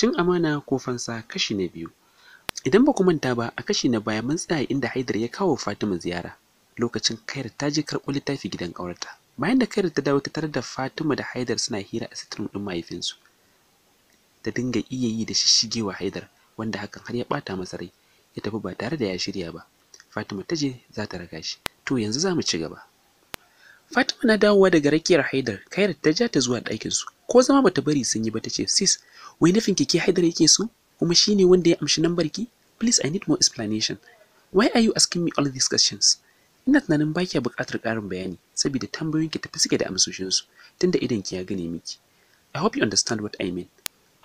cin amana ko fansa kashi na biyu idan ba ku manta ba a kashi na baya mun tsaya inda haidar ya kawo fatima ziyara lokacin kayar ta je karɓo littafi gidan ƙaurata bayan da kayar ta dawo ta tarar da fatima da haidar suna hira a sitirin ɗin mahaifinsu ta dinga iya yi da shishigewa haidar wanda hakan har ya ɓata masa rai ya tafi ba tare da ya shirya ba fatima ta je za ta raga shi to yanzu za mu ci gaba fatima na dawowa daga rakiyar haidar kayar ta ja ta zuwa ɗakinsu ko zama bata bari sun yi ba ta ce sis wai nufin ki ke haidar yake so kuma shi ne wanda ya amshi nan barki. please i need more explanation why are you asking me all these questions ina tunanin ba kiya buƙatar ƙarin bayani saboda tambayoyinki tafi suke da amsoshinsu tunda idan ki ya gane miki i hope you understand what i mean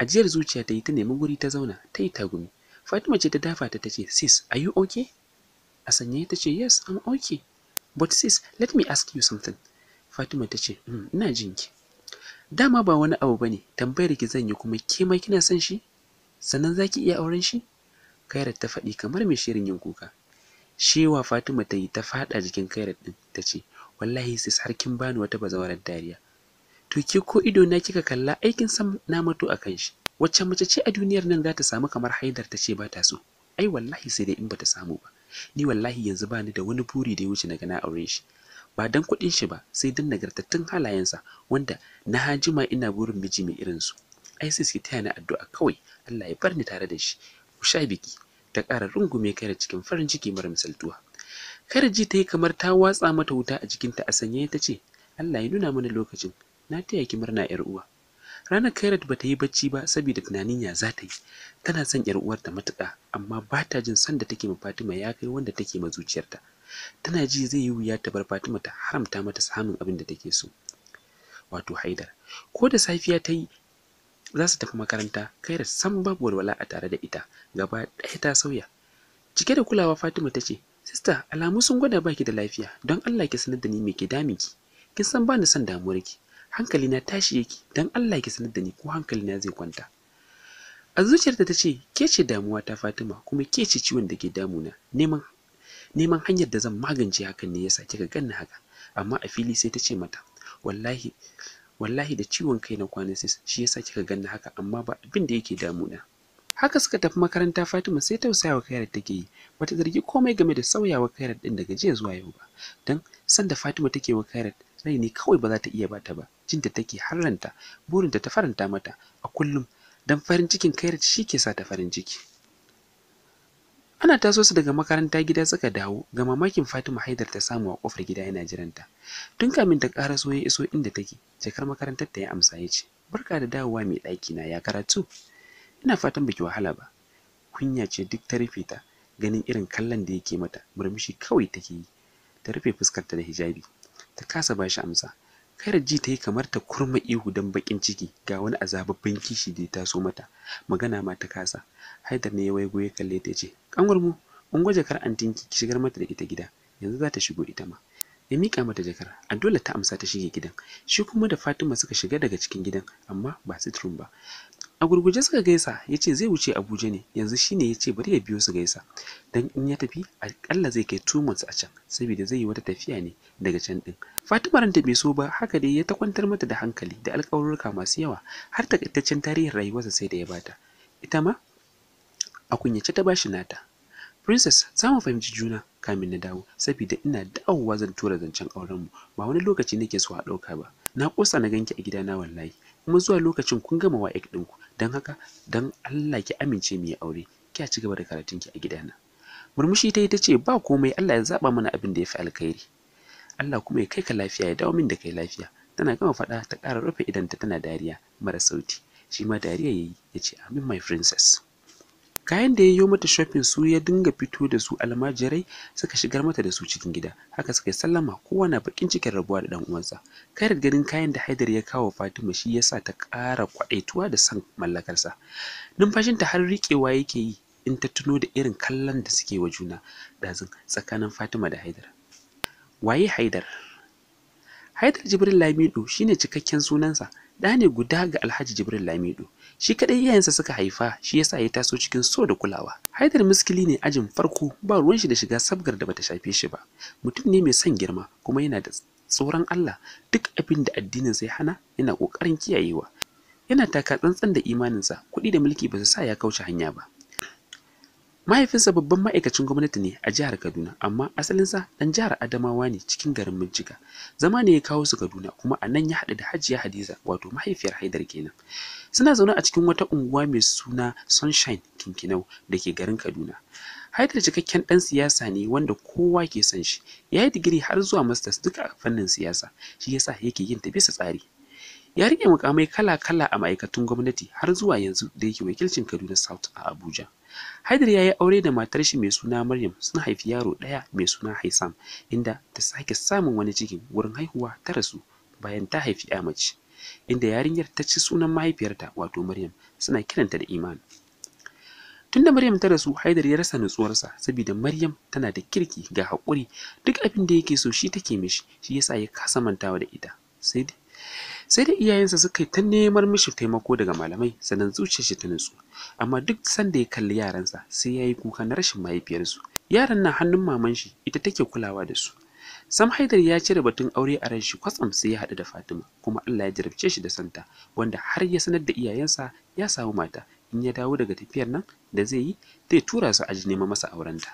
ajiyar zuciya ta yi ta nemi guri ta zauna ta yi tagumi fatima ce ta dafa ta tace sis are you okay a sanye ta ce yes i'm okay but sis let me ask you something fatima ta ce hmm, ina jinki dama ba wani abu bane tambayar ki zan yi kuma ke mai kina son shi sannan zaki iya auren shi kairat ta faɗi kamar mai shirin yin kuka shewa fatima ta yi ta faɗa jikin kairat ɗin ta ce wallahi sis har kin bani wata bazawarar dariya to ke ko ido na kika kalla aikin sam na mato a kanshi. shi wacce mace ce a duniyar nan za ta samu kamar haidar ta ce ba ta so ai wallahi sai dai in bata samu ba ni wallahi yanzu bani da wani buri da ya wuce na ga na aure shi ba dan kuɗin shi ba sai dan nagartattun halayensa wanda na hajima ina burin miji mai irin su ai sai ki taya ni addu'a kawai Allah ya barni tare da shi ku sha biki ta ƙara rungume kai da cikin farin ciki mara misaltuwa Karji ta yi kamar ta watsa mata wuta a jikinta a sanye ta ce, Allah ya nuna mana lokacin, na taya ki murna ‘yar uwa. Ranar Kairat ba ta yi bacci ba saboda tunanin ya za ta yi, tana son ‘yar uwarta matuƙa, amma ba ta jin sanda da take ma Fatima ya kai wanda take ma zuciyarta. tana ji zai yi wuya ta bar Fatima ta haramta mata samun abin da take so wato Haidar ko da safiya ta yi za su tafi makaranta kai da san babu walwala a tare da ita gaba ɗaya ta sauya cike da kulawa Fatima ta ce sista alamu sun gwada baki da lafiya don Allah ki sanar da ni me ke damiki kin san bani son damuwar ki hankali na tashi yake don Allah ki sanar da ni ko hankali na zai kwanta a zuciyarta ta ce ke ce damuwa ta Fatima kuma ke ce ciwon da ke damuna neman neman hanyar da zan magance hakan ne yasa kika ganni haka amma a fili sai ta ce mata wallahi wallahi da ciwon kai na kwana sai shi yasa kika ganni haka amma ba abin da yake na. haka suka tafi makaranta Fatima sai tausayawa kayar take yi bata zargi komai game da sauyawa Khairat din daga jiya zuwa yau ba dan san da Fatima take wa Khairat rai ne kawai ba za ta iya bata ba jinta take harranta burinta ta faranta mata a kullum dan farin cikin kayar shi ke sa ta farin ciki ana taso su daga makaranta gida suka dawo ga mamakin fatima haidar ta samu a kofar gida yana jiranta tun kamin ta ƙara so ya iso inda take jakar makarantar ta ya amsa ya ce barka da dawowa mai ɗaki na ya karatu ina fatan baki wahala ba kunya ce duk ta rufe ta ganin irin kallon da yake mata murmushi kawai take yi ta rufe fuskarta da hijabi ta kasa bashi amsa Karar ji ta yi kamar ta kurma ihu don baƙin ciki ga wani azababban kishi da ya taso mata. Magana ma ta kasa. Haidar ne ya waigo ya kalle ta ce, Ƙanwar mu, an gwaje kar antinki ki shigar mata da ita gida, yanzu za ta shigo ita ma." Ya miƙa mata jakar, a dole ta amsa ta shige gidan. Shi kuma da Fatima suka shiga daga cikin gidan, amma ba sitrun ba. a gurguje suka gaisa ya ce zai wuce abuja ne yanzu shine ya ce bari ya biyo su gaisa don in ya tafi alkalla zai kai two a can saboda zai yi wata tafiya ne daga can ɗin. fatima ranta bai so ba haka dai ya ta kwantar mata da hankali da alƙawarurruka masu yawa har takaitaccen tarihin rayuwarsa sai da ya bata ita ma a kunyace ta bashi nata princess za mu fahimci juna kamin na dawo saboda ina dawowa zan tura zancen aurenmu ba wani lokaci nake so a ɗauka ba na ƙosa na ganki a gidana wallahi kuma zuwa lokacin kun gama ɗin ɗinku don haka don Allah ki amince mu yi aure ki ci gaba da karatunki a gidana murmushi ta yi ta ce ba komai Allah ya zaɓa mana abin da ya fi alkhairi Allah kuma ya kai ka lafiya ya dawo min da kai lafiya tana gama faɗa ta ƙara rufe idanta tana dariya mara sauti shi ma dariya ya yi ya ce amin my princess kayan da ya yayyo mata shopin su ya dinga fito da su almajirai suka shigar mata da su cikin gida haka suka yi sallama kowa na bakin cikin rabuwa da dan uwansa kayar ganin kayan da Haidar ya kawo Fatima shi yasa ta ƙara kwaɗaituwa da san mallakarsa numfashinta har riƙewa yake yi in ta tuno da irin kallon da suke wa juna ɗazun tsakanin Fatima da Haidar waye Haidar Haidar Jibril Lamido shine cikakken sunansa ɗa ne guda ga Alhaji Jibril Lamido shi kaɗai iyayensa suka haifa shi yasa ya taso cikin so da kulawa haidar miskili ne ajin farko ba ruwan shi da shiga sabgar da bata shafe shi ba mutum ne mai son girma kuma yana da tsoron Allah duk abin da addinin sai hana yana ƙoƙarin kiyayewa yana taka tsantsan da imaninsa kuɗi da mulki ba su sa ya kauce hanya ba mahaifinsa babban ma'aikacin gwamnati ne a jihar kaduna amma asalinsa ɗan jihar adamawa ne cikin garin bincika zama ne ya kawo su kaduna kuma a nan ya haɗu da hajiya hadiza wato mahaifiyar haidar kenan suna zaune a cikin wata unguwa mai suna sunshine kinkinau da ke garin kaduna haidar cikakken ɗan siyasa ne wanda kowa ke son shi ya yi digiri har zuwa masters duka a fannin siyasa shi yasa yake yin ta bisa tsari ya rike mukamai kala-kala a ma'aikatun gwamnati har zuwa yanzu da yake wakilcin kaduna south a abuja Haidar ya yi aure da matar shi mai suna Maryam sun haifi yaro ɗaya mai suna Haisam inda ta sake samun wani cikin wurin haihuwa ta rasu bayan ta haifi ya mace inda yarinyar ta ci sunan mahaifiyarta wato Maryam suna kiranta da Iman. Tunda Maryam ta rasu Haidar ya rasa nutsuwarsa saboda Maryam tana da kirki ga haƙuri duk abin da yake so shi take mishi shi yasa ya kasa mantawa da ita. Sai sai da iyayensa suka yi ta neman mishi taimako daga malamai sannan zuciyar shi ta nutsu amma duk sanda ya kalli yaransa sai ya yi kuka na rashin mahaifiyarsu yaran na hannun maman shi ita take kulawa da su Sam Haidar ya cire batun aure a ranshi kwatsam sai ya haɗu da Fatima kuma Allah ya jarabce shi da santa wanda har ya sanar da iyayensa ya samu mata in ya dawo daga tafiyar nan da zai yi zai tura su aji neman masa aurenta.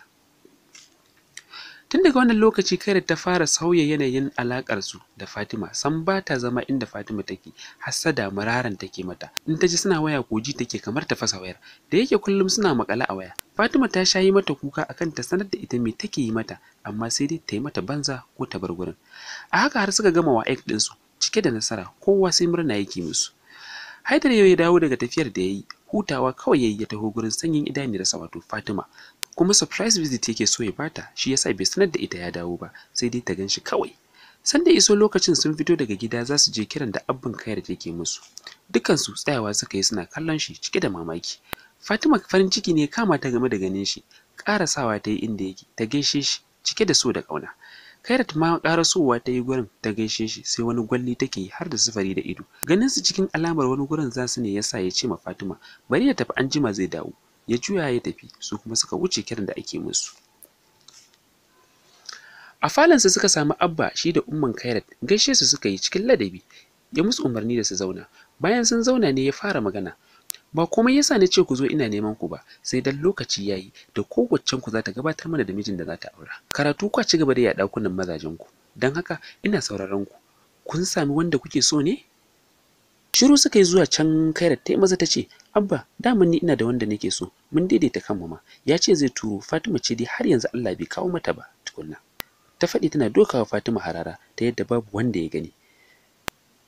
Tun daga wannan lokaci da ta fara sauya yanayin alaƙarsu da Fatima, san ba ta zama inda Fatima take, hassada mararan take mata. In ta ji suna waya koji take kamar ta fasa wayar, da yake kullum suna makale a waya. Fatima ta sha yi mata kuka akan ta sanar da ita me take yi mata, amma sai dai ta yi mata banza ko ta bar gurin. A haka har suka gama wa'ek su cike da nasara, kowa sai murna yake musu. Haidar yau ya dawo daga tafiyar da ya yi, hutawa kawai ya yi ya taho gurin sanyin idaniyarsa wato Fatima kuma surprise visit yake so ya bata shi yasa bai sanar da ita ya dawo ba sai dai ta ganshi kawai sanda iso lokacin sun fito daga gida za su je kiran da abin kayar da ke musu su tsayawa suka yi suna kallon shi cike da mamaki fatima farin ciki ne kama ta game da ganin shi Karasawa ta yi inda yake ta gaishe shi cike da so da kauna. kairat ma ƙarasowa ta yi gurin ta gaishe shi sai wani gwalli take yi har da sufari da ido ganin su cikin alamar wani gurin za su ne yasa ya ce ma fatima bari ya tafi anjima zai dawo ya juya ya tafi su kuma suka wuce kiran da ake musu a falansa suka samu abba shi da umman kairat gaishe su suka yi cikin ladabi ya musu umarni da su zauna bayan sun zauna ne ya fara magana ba komai yasa ne ce ku zo ina neman ku ba sai dan lokaci yayi da kowaccen ku za ta gabatar mana da mijin da za ta aura karatu kwa ci gaba da yaɗa kunan mazajen ku dan haka ina sauraron ku kun sami wanda kuke so ne shiru suka yi zuwa can kaira ta maza ta ce abba daman ni ina da wanda nake so mun daidaita kanmu ma ya ce zai turo fatima ce dai har yanzu allah bai kawo mata ba tukunna ta faɗi tana dokawa fatima harara ta yadda babu wanda ya gani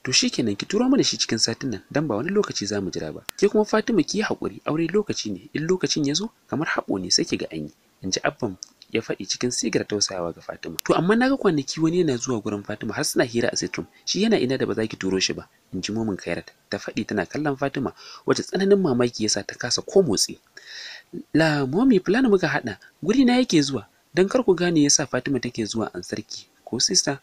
to shi shikenan ki turo mana shi cikin satin nan dan ba wani lokaci zamu jira ba ke kuma fatima ki yi hakuri aure lokaci ne in lokacin ya zo kamar haƙo ne sai ki ga an yi in ji abban ya faɗi cikin sigar tausayawa ga Fatima. To amma naga kwanaki wani yana zuwa gurin Fatima har suna hira a sitrum. Shi yana ina da ba za ki turo shi ba. In ji momin Kairat ta faɗi tana kallon Fatima wacce tsananin mamaki yasa ta kasa ko motsi. La momi plan muka haɗa guri na yake zuwa don kar ku gane yasa Fatima take zuwa an sarki ko sista.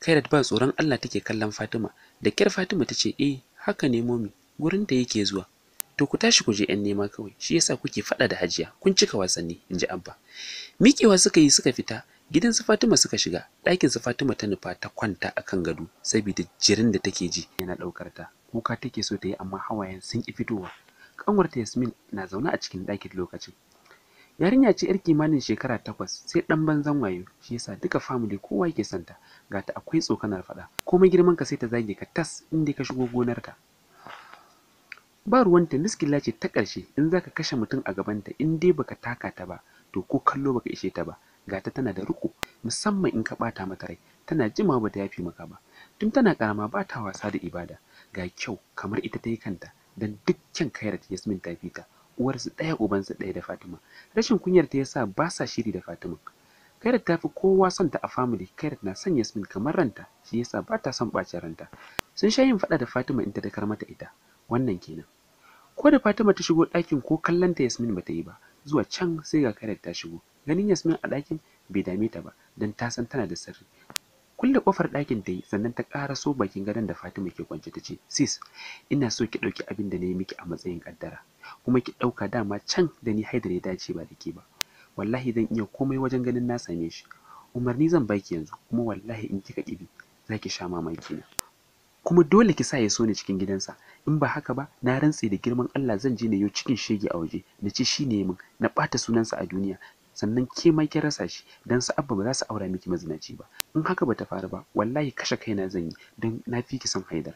Kairat ba tsoron Allah take kallon Fatima da kyar Fatima ta ce eh haka ne momi gurin ta yake zuwa to ku tashi ku je yan nema kawai shi yasa kuke faɗa da hajiya kun cika wasanni in ji abba miƙewa suka yi suka fita gidan su fatima suka shiga ɗakin su fatima ta nufa ta kwanta a kan gado saboda jirin da take ji yana ɗaukar ta kuka take so ta yi amma hawayen sun ƙi fitowa ƙanwarta yasmin na zaune a cikin ɗakin lokacin yarinya ce yar kimanin shekara takwas sai ɗan banzan wayo shi yasa duka family kowa yake santa gata akwai tsokanar faɗa. komai girman ka sai ta zage ka tas inda ka shigo gonarka. ba ruwanta miskila ce ta ƙarshe in za ka kashe mutum a gabanta in dai baka taka ta ba to ko kallo baka ishe ta ba ga ta tana da riko musamman in ka ɓata mata rai tana jima ba ta yafi maka ba tun tana ƙarama, ba ta wasa da ibada ga kyau kamar ita ta yi kanta don dukkan kairat yasmin ta fita uwarsu ɗaya ubansu ɗaya da fatima rashin kunyar ta yasa ba sa shiri da fatima kairat ta fi kowa son ta a family kairat na son yasmin kamar ranta shi yasa ba ta son ɓacin ranta sun sha yin faɗa da fatima in ta dakar mata ita wannan kenan ko da Fatima ta shigo ɗakin ko kallon ta Yasmin ta yi ba zuwa can sai ga Khalid ta shigo ganin Yasmin a ɗakin bai dame ta ba dan ta san tana da sirri kulle kofar ɗakin ta yi sannan ta ƙara so bakin gadon da Fatima ke kwance ta ce sis ina so ki ɗauki abin da na yi miki a matsayin ƙaddara kuma ki ɗauka dama can da ni haidar ya dace ba da ke ba wallahi zan iya komai wajen ganin na same shi umarni zan baki yanzu kuma wallahi in kika kibi za ki sha mamaki na kuma dole ki sa ya so ni cikin gidansa in ba haka ba na rantse da girman Allah zan je na yau cikin shege a waje na ce shi ne min na bata sunansa a duniya sannan ke ma ki rasa shi dan sa abba ba za su aura miki mazinaci ba in haka ba ta faru ba wallahi kashe kaina zan yi dan na fi ki san haidar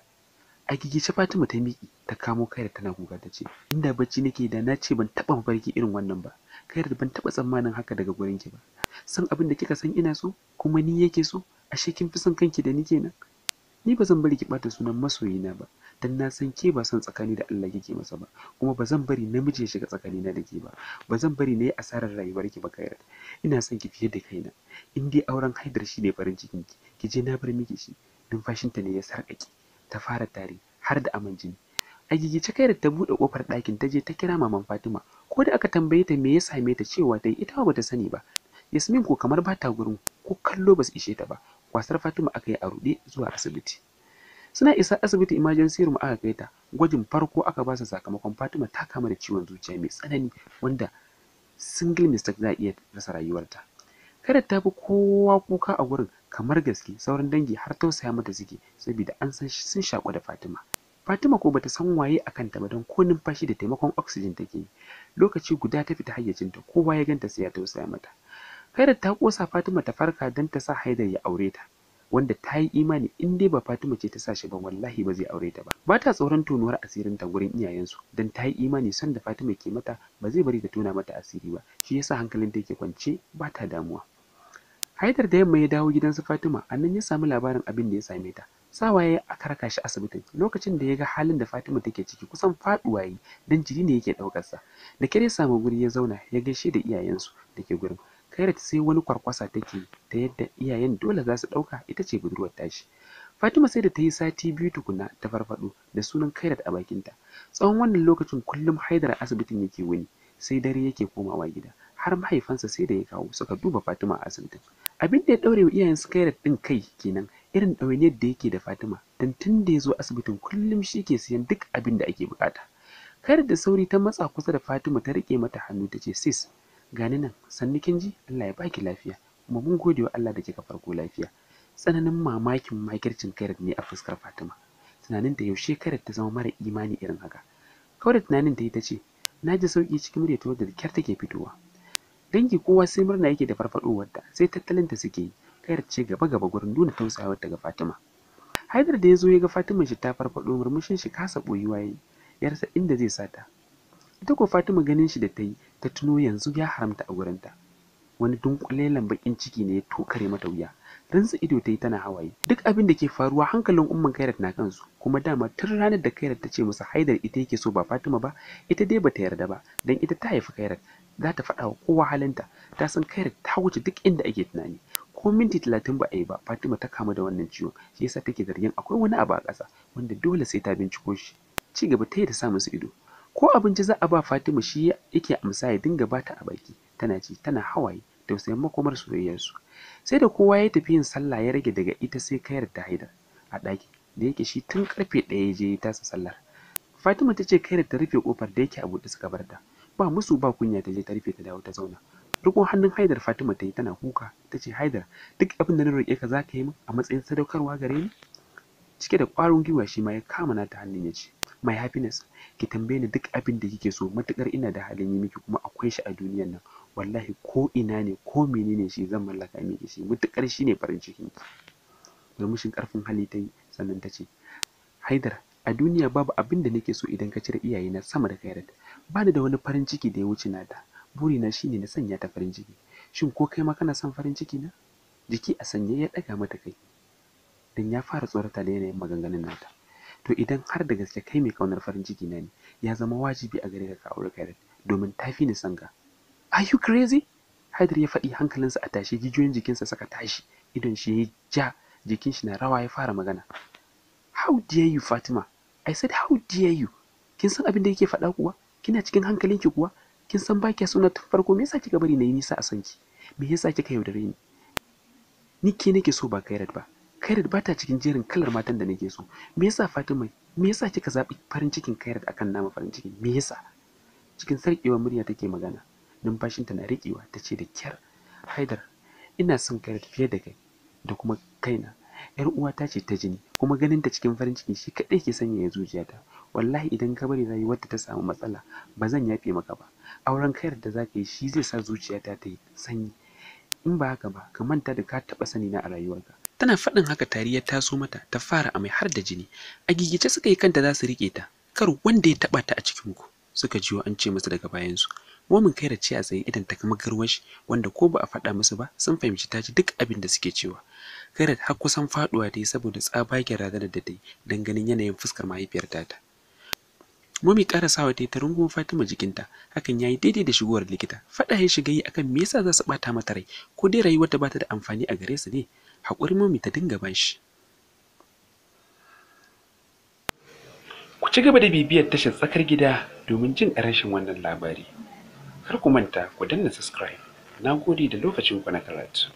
a gigice Fatima ta miki ta kamo da tana kuka ta ce inda bacci nake da na ce ban taba mafarki irin wannan ba da ban taba tsammanin haka daga gurin ki ba san abin da kika san ina so kuma ni yake so ashe kin fi son kanki da ni kenan ni ba zan bari ki ɓata sunan masoyina ba dan na san ke ba son tsakani da Allah kike masa ba kuma ba zan bari namiji ya shiga tsakanina da ke ba ba zan bari na yi asarar rayuwar ki ba kairat ina son ki fiye da kaina in dai auren haidar shi ne farin cikin ki ki je na bar miki shi ta ne ya sarƙaƙe ta fara tari har da aman jini a gigice kairat ta buɗe ƙofar ɗakin ta je ta kira maman fatima ko da aka tambaye ta me ya same ta cewa ta yi ita ba ta sani ba yasmin ko kamar ba ta gurin ko kallo ba su ishe ta ba kwasar fatima aka yi a ruɗe zuwa asibiti suna isa asibiti emergency room aka kai ta gwajin farko aka ba su sakamakon fatima ta kama da ciwon zuciya mai tsanani wanda single mistake za a iya rasa rayuwarta kada ta fi kowa kuka a gurin kamar gaske sauran dangi har tausaya mata suke saboda an san sun shaku da fatima fatima ko bata san waye a kanta ba don ko numfashi da taimakon oxygen take yi lokaci guda ta fita hayyacinta kowa ya ganta sai ya tausaya mata kada ta kosa Fatima ta farka dan ta sa Haidar ya aure ta. Wanda ta yi imani in dai ba Fatima ce ta sa shi ba wallahi ba zai aure ta ba. Ba ta tsoron tonuwar ta gurin iyayensu don ta yi imani san da Fatima ke mata ba zai bari ta tona mata asiri ba. Shi yasa hankalin ta yake kwance ba ta damuwa. Haidar da yamma ya dawo gidansu Fatima a nan ya samu labarin abin da ya same ta. Sawa ya aka raka shi asibitin lokacin da ya ga halin da Fatima take ciki kusan faduwa yi don jiri ne yake ɗaukarsa. Da kyar ya samu guri ya zauna ya gaishe da iyayensu da ke gurin. Kairat sai wani kwarkwasa take ta yadda iyayen dole za su ɗauka ita ce budurwar tashi. Fatima sai da ta yi sati biyu tukuna ta farfado da sunan Kairat a bakinta. Tsawon wannan lokacin kullum Haidar asibitin yake wuni sai dare yake komawa gida. Har mahaifansa sai da ya kawo suka duba Fatima a asibitin. Abin da ya ɗaure wa iyayen Kairat ɗin kai kenan irin ɗawainiyar da yake da Fatima don tun da ya zo asibitin kullum shi ke siyan duk abin da ake bukata. Kairat da sauri ta matsa kusa da Fatima ta riƙe mata hannu ta ce sis gani nan sannu kin ji Allah ya baki lafiya kuma mun gode wa Allah da kika farko lafiya tsananin mamakin makircin kai ne a fuskar Fatima tunanin da yaushe kai ta zama mara imani irin haka kawai da tunanin da ita ce na ji sauki cikin murya wadda da kyar take fitowa dangi kowa sai murna yake da farfadowarta sai tattalin ta suke yi kairat ce gaba gaba gurin nuna tausayawar ta ga Fatima Haidar da ya zo ya ga Fatima shi ta farfado murmushin shi kasa boyuwa yi ya rasa inda zai sata ita ko fatima ganin shi da ta yi ta tuno yanzu ya haramta a gurin ta wani dunkulelan bakin ciki ne ya tokare mata wuya rinsa ido ta yi tana hawaye duk abin da ke faruwa hankalin umman kairat na kansu kuma dama tun ranar da kairat ta ce musu haidar ita yake so ba fatima ba ita dai bata yarda ba dan ita ta haifi kairat za ta faɗa wa kowa halinta ta san kairat ta wuce duk inda ake tunani ko minti talatin ba a yi ba fatima ta kamu da wannan ciwon shi yasa take zargin akwai wani abu a ƙasa wanda dole sai ta binciko shi ci gaba ta yi ta sa musu ido ko abinci za a ba Fatima shi yake amsa ya dinga bata a baki tana ci tana hawaye da sai makomar soyayyarsu sai da kowa ya tafi yin sallah ya rage daga ita sai kayar da haida a ɗaki da yake shi tun karfe ɗaya ya je ya tasa sallar Fatima ta ce kayar ta rufe kofar da yake a buɗe suka barta, ba musu ba kunya ta je ta rufe ta dawo ta zauna Rukun hannun Haidar Fatima ta yi tana kuka ta ce Haidar duk abin da na roƙe ka za ka yi min a matsayin sadaukarwa gare ni cike da ƙwarin gwiwa shi ma ya kama na ta hannun ya ce my happiness ki tambaye ni duk abin da kike so matukar ina da halin yi miki kuma akwai shi a duniyan nan wallahi ko ina ne ko menene shi zan mallaka miki shi matukar shi ne farin cikin murmushin karfin hali ta yi sannan ta ce haidar a duniya babu abin da nake so idan ka cire iyayena sama da kairat ba ni da wani farin ciki da ya wuce nata na shine na sanya ta farin ciki shin ko kai ma kana son farin ciki na jiki a sanye ya ɗaga mata kai dan ya fara tsorata da yanayin maganganun nata to idan har da gaske kai mai kaunar farin ciki na ne ya zama wajibi a gare ka ka aure Kairat domin tafi ni sanga are you crazy Haidar ya faɗi hankalinsa a tashi jijiyoyin jikinsa saka tashi idan shi ya ja jikin shi na rawa ya fara magana how dare you Fatima I said how dare you kin san abin da yake faɗa kuwa kina cikin hankalinki kuwa kin san ba suna tun farko me yasa kika bari na yi nisa a sanki me yasa kika yaudare ni ni ke nake so ba Kairat ba Kairat ba ta cikin jerin kalar matan da nake so. Me yasa Fatima? Me yasa kika zaɓi farin cikin Kairat akan nama farin ciki? Me yasa? Cikin sarkewa murya take magana. Numfashinta na riƙewa ta ce da kyar. Haidar, ina son Kairat fiye da kai da kuma kaina. Yar uwata ce ta jini kuma ganin ta cikin farin ciki shi kaɗai ke sanya zuciya zuciyata. Wallahi idan ka bari rayuwar ta samu matsala ba zan yafe maka ba. Auren Kairat da za ka yi shi zai sa zuciyata ta yi sanyi. In ba haka ba, ka manta da ka taɓa sani na a rayuwarka. tana faɗin haka tari ya taso mata ta fara amai har da jini a gigice suka yi kanta za su riƙe ta kar wanda ya taɓa ta a cikin ku suka jiyo an ce musu daga bayansu momin kai da ce a tsaye idan ta kama garwashi wanda ko ba a faɗa musu ba sun fahimci ta ji duk abin da suke cewa kairat har kusan faɗuwa ta yi saboda tsabagen razanar da ta yi don ganin yanayin fuskar mahaifiyar ta Mami sawa ta yi ta rungun Fatima jikinta, hakan ya yi daidai da shigowar likita. Faɗa ya shiga yi akan me yasa za su ɓata mata rai, ko dai rayuwar ta bata da amfani a gare su ne, haƙuri mami ta dinga ban shi ku ci gaba da bibiyar tashar tsakar gida domin jin ƙarashin wannan labari kar ku manta ku danna subscribe na gode da lokacin ku na karatu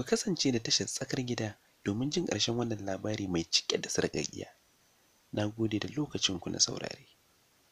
ku kasance da tashar tsakar gida domin jin ƙarshen wannan labari mai cike da sarƙaƙiya. Na gode da lokacinku na saurare.